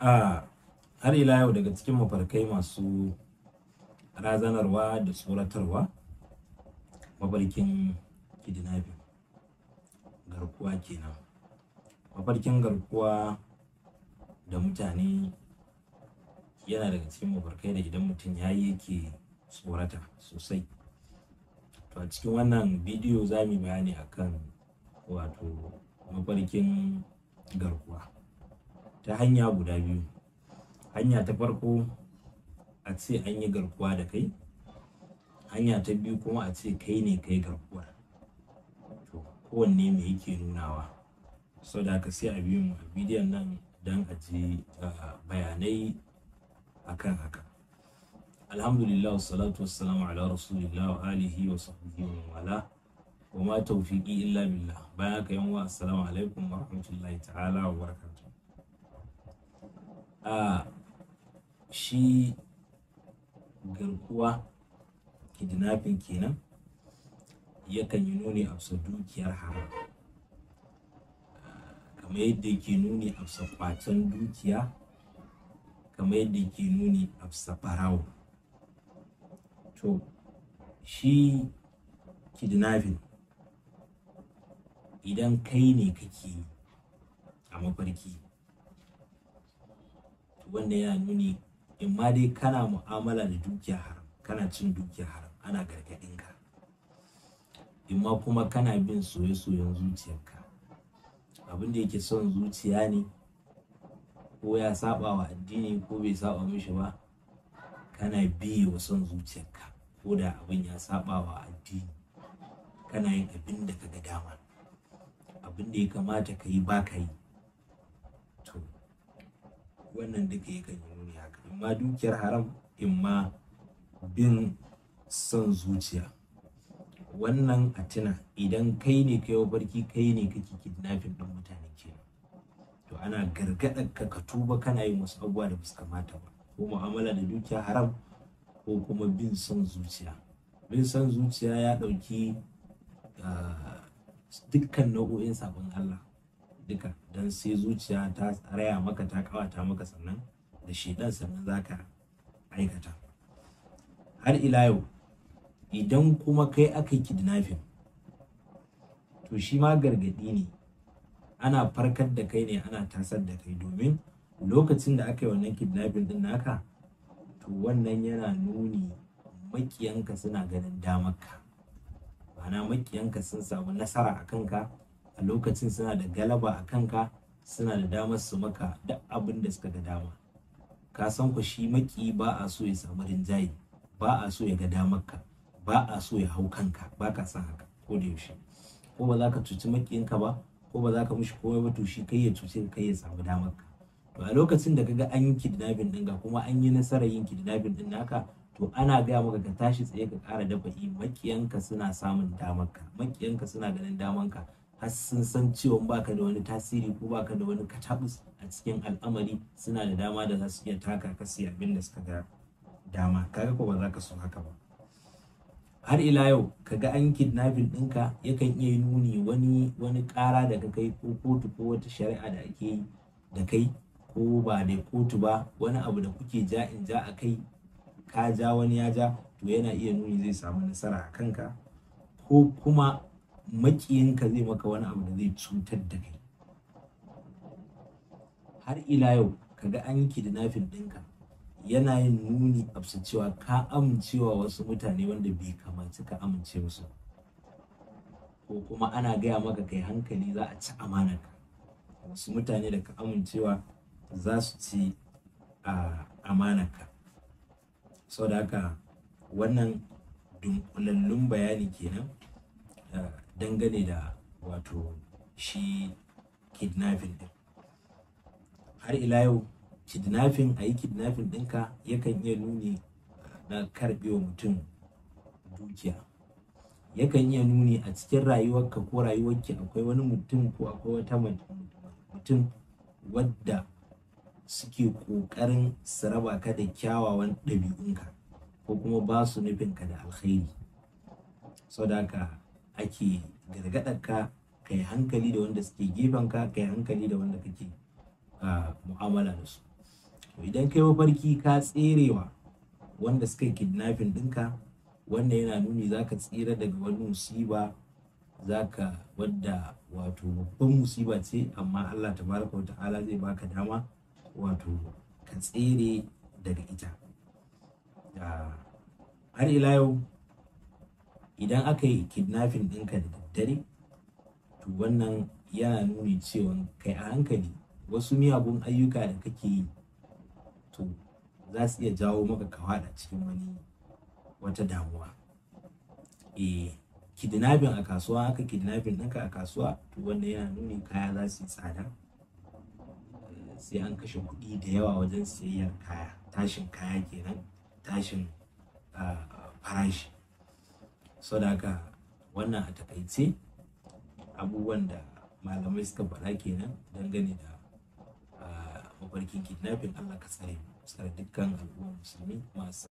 a har ila yau daga cikin mafarkai masu razanarwa da tsoratarwa mafarkin kidnapping garkuwa kenan mafarkin garkuwa da mutane yana daga cikin mafarkai da idan mutum ya yi yake tsorata sosai to a cikin wannan bidiyo za mu yi bayani akan wato mafarkin garkuwa ta hanya guda biyu hanya ta farko a ce an yi garkuwa da kai hanya ta biyu kuma a ce kai ne kai garkuwa to kowanne me yake nunawa sau da haka sai a biyu mu a bidiyon nan don a ji bayanai akan haka alhamdulillah salatu wassalamu ala rasulillah wa alihi wa sahbihi wa wala wa ma tawfiqi illa billah bayan haka yan wa assalamu alaikum wa rahmatullahi ta'ala wa barakatuh a shi garkuwa kidnapping kenan yakan yi nuni a dukiyar haram kamar yadda yake nuni a kwacen dukiya kamar yadda yake nuni a barawo to shi kidnapping idan kai ne kake a mafarki wannan yana nuni in ma dai kana mu'amala da dukiya haram kana cin dukiya haram ana ka. in ma kuma kana bin soye-soyen zuciyarka abin da yake son zuciya ne ko ya saba wa addini ko bai saba mishi ba kana biye wa son zuciyarka ko da abin ya saba wa addini kana yin abin da ka ga dama abin da ya kamata ka yi ba ka yi wannan duka yakan yi nuni haka imma dukiyar haram imma bin son zuciya wannan a tuna idan kai ne ka yau barki kai ne kake kidnapping din mutane kenan to ana gargaɗar ka ka tuba kana yin wasu abubuwa da basu kamata ba ko mu'amala da dukiyar haram ko kuma bin son zuciya bin son zuciya ya ɗauki ah, dukkan nau'o'in sabon Allah duka don sai zuciya ta tsaraya maka ta kawata maka sannan da shi dan sannan za ka aikata har ila yau idan kuma kai aka yi kidnapping to shi ma gargadi ne ana farkar da kai ne ana tasar da kai domin lokacin da aka yi wannan kidnapping din naka to wannan yana nuni makiyanka suna ganin damarka ma'ana makiyanka sun samu nasara a kanka a lokacin suna da galaba a kanka suna da damar su maka duk abin da suka ga dama ka san ku shi maki ba a so ya samu rinjaye ba a so ya ga damar ka, ba a so ya hau kanka ba ka san haka ko da yaushe ko ba za ka cuci makiyinka ba ko ba za ka mishi komai ba to shi kai ya cuci, kai ya samu damar ka. to a lokacin da kaga an yi kidnapping din ga kuma an yi nasarar yin kidnapping din naka to ana gaya maka ka tashi tsaye ka kara dafa makiyanka suna samun damar ka, makiyanka suna ganin damar ka. har sun san cewa baka da wani tasiri ko baka da wani katabus a cikin al'amari suna da dama da za su iya taka ka su abin da suka ga dama kaga ko ba za ka so haka ba har ila yau ka ga an kidnapping ɗinka yakan iya nuni wani wani ƙara da ka kai ko kotu ko wata shari'a da ake yi da kai ko ba da kotu ba wani abu da kuke ja in ja a kai ka ja wani ya ja to yana iya nuni zai samu nasara a kanka ko kuma maƙiyinka zai maka wani abu da zai cutar da kai har ila yau kaga an yi kidnapping ɗinka yana yin nuni absa cewa ka amincewa wasu mutane wanda bai kamaci ka amince musu ko kuma ana gaya maka kai hankali za a ci amanarka wasu mutane da ka amincewa za su ci amanarka sau da haka wannan dunkulallun bayani kenan dangane da wato shi kidnapping din har ila yau kidnapping a yi kidnapping ɗinka yakan iya nuni ah, na karɓewa mutum dukiya yakan iya nuni a cikin rayuwarka ko rayuwarki akwai wani mutum ko akwai wata mutum wadda suke ƙoƙarin su raba ka da kyawawan ɗabi'unka ko kuma ba su nufinka da alkhairi sau da haka ake gargaɗar ka kai hankali da wanda suke gefen ka kai hankali da wanda kake a mu'amala da su idan kai mafarki ka tserewa wanda suka kidnapping ɗinka wannan yana nuni zaka tsira daga wani musiba zaka wadda wato babban musiba ce amma Allah tabaraka wata'ala zai baka dama wato ka tsere daga ita har ila yau idan aka yi kidnapping ɗinka da daddare to wannan yana nuni cewa kai a hankali wasu miyagun ayyuka da kake yi to za su iya jawo maka kawada cikin wani wata damuwa eh kidnapping a kasuwa aka kidnapping ɗinka a kasuwa to wannan yana nuni kaya za su yi tsada sai an kashe kuɗi da yawa wajen siyayyar kaya tashin kaya kenan tashin ah, farashi so da wannan a takaice abubuwan da malamai suka faɗa kenan dangane da ah, mafarkin kidnapping allah ka tsare mu tsare dukkan al'ummar musulmi masu